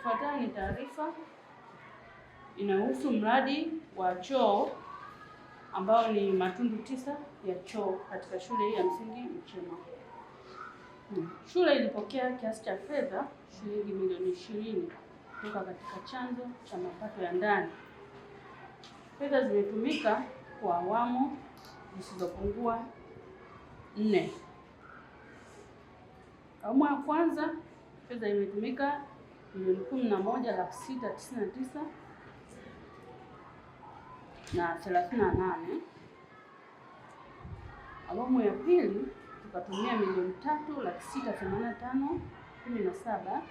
Ifuatayo ni taarifa inahusu mradi wa choo ambao ni matundu tisa ya choo katika shule hii ya msingi Mchema. Hmm. Shule ilipokea kiasi cha fedha shilingi milioni ishirini kutoka katika chanzo cha mapato ya ndani. Fedha zimetumika kwa awamu zisizopungua nne. Awamu ya kwanza fedha imetumika milioni kumi na moja laki sita tisini na tisa na thelathini na nane. Awamu ya pili tukatumia milioni tatu laki sita themanini na tano kumi na saba.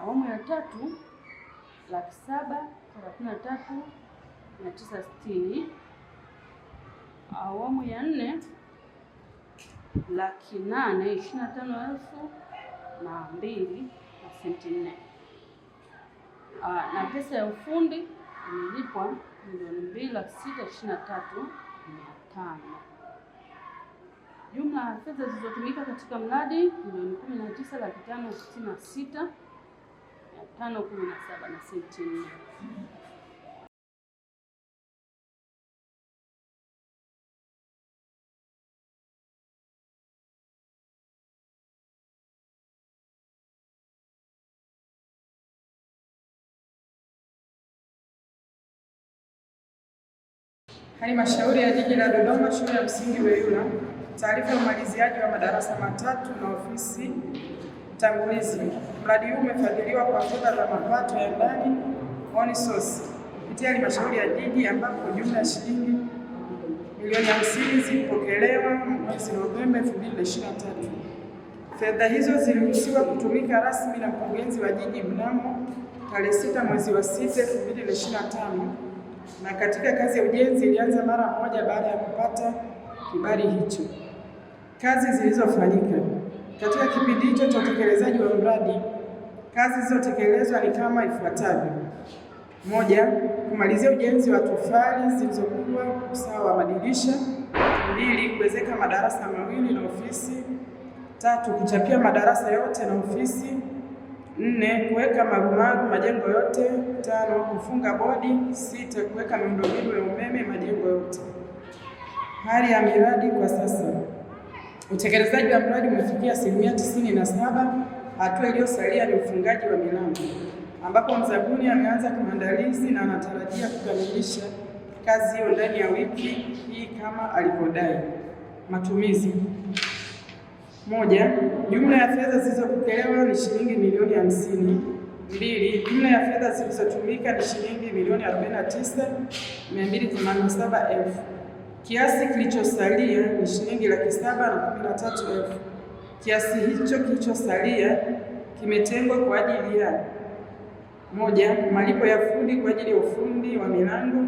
Awamu ya tatu laki saba thelathini na tatu mia tisa sitini. Awamu ya nne laki nane ishirini na tano elfu na mbili senti nne. Ah, na pesa ya ufundi imelipwa milioni mbili laki sita ishirini na tatu mia tano. Jumla ya fedha zilizotumika katika mradi milioni kumi na tisa laki tano sitini na sita mia tano kumi na saba na senti nne. Halmashauri ya Jiji la Dodoma Shule ya Msingi Weyula, taarifa ya umaliziaji wa madarasa matatu na ofisi tangulizi. Mradi huu umefadhiliwa kwa fedha za mapato ya ndani source kupitia halmashauri ya jiji ambapo jumla ya shilingi milioni hamsini zilipokelewa mwezi Novemba 2023. Fedha hizo ziliruhusiwa kutumika rasmi na mkurugenzi wa jiji mnamo tarehe 6 mwezi wa 6 2025 na katika kazi ya ujenzi ilianza mara moja baada ya kupata kibali hicho. Kazi zilizofanyika katika kipindi hicho cha utekelezaji wa mradi, kazi zilizotekelezwa ni kama ifuatavyo: moja, kumalizia ujenzi wa tofali zilizokuwa usawa wa madirisha; mbili, kuwezeka madarasa mawili na ofisi; tatu, kuchapia madarasa yote na ofisi Nne, kuweka marumaru majengo yote. Tano, kufunga bodi. Sita, kuweka miundombinu ya umeme majengo yote. Hali ya miradi kwa sasa, utekelezaji wa mradi umefikia asilimia tisini na saba. Hatua iliyosalia ni ufungaji wa milango, ambapo mzabuni ameanza kimaandalizi na anatarajia kukamilisha kazi hiyo ndani ya wiki hii kama alivyodai. Matumizi moja, jumla ya fedha zilizopokelewa ni shilingi milioni hamsini. Mbili, jumla ya fedha zilizotumika ni shilingi milioni 49,287 elfu. Kiasi kilichosalia ni shilingi laki saba na kumi na tatu elfu. Kiasi hicho kilichosalia kimetengwa kwa ajili ya moja, malipo ya fundi kwa ajili ya ufundi wa milango.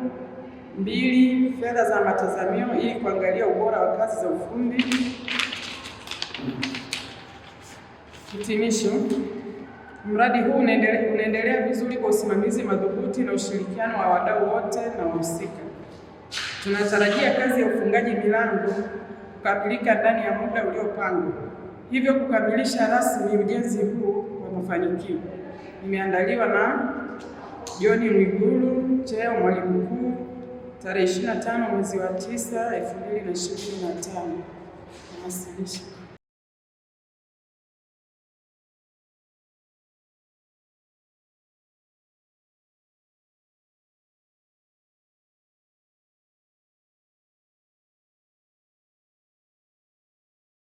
Mbili, fedha za matazamio ili kuangalia ubora wa kazi za ufundi. Hitimisho. Mradi huu unaendelea, vizuri kwa usimamizi madhubuti na ushirikiano wa wadau wote na wahusika. Tunatarajia kazi ya ufungaji milango kukamilika ndani ya muda uliopangwa, hivyo kukamilisha rasmi ujenzi huu kwa mafanikio. Imeandaliwa na John Mwigulu, cheo mwalimu mkuu, tarehe 25 mwezi wa 9 2025. Nawasilisha.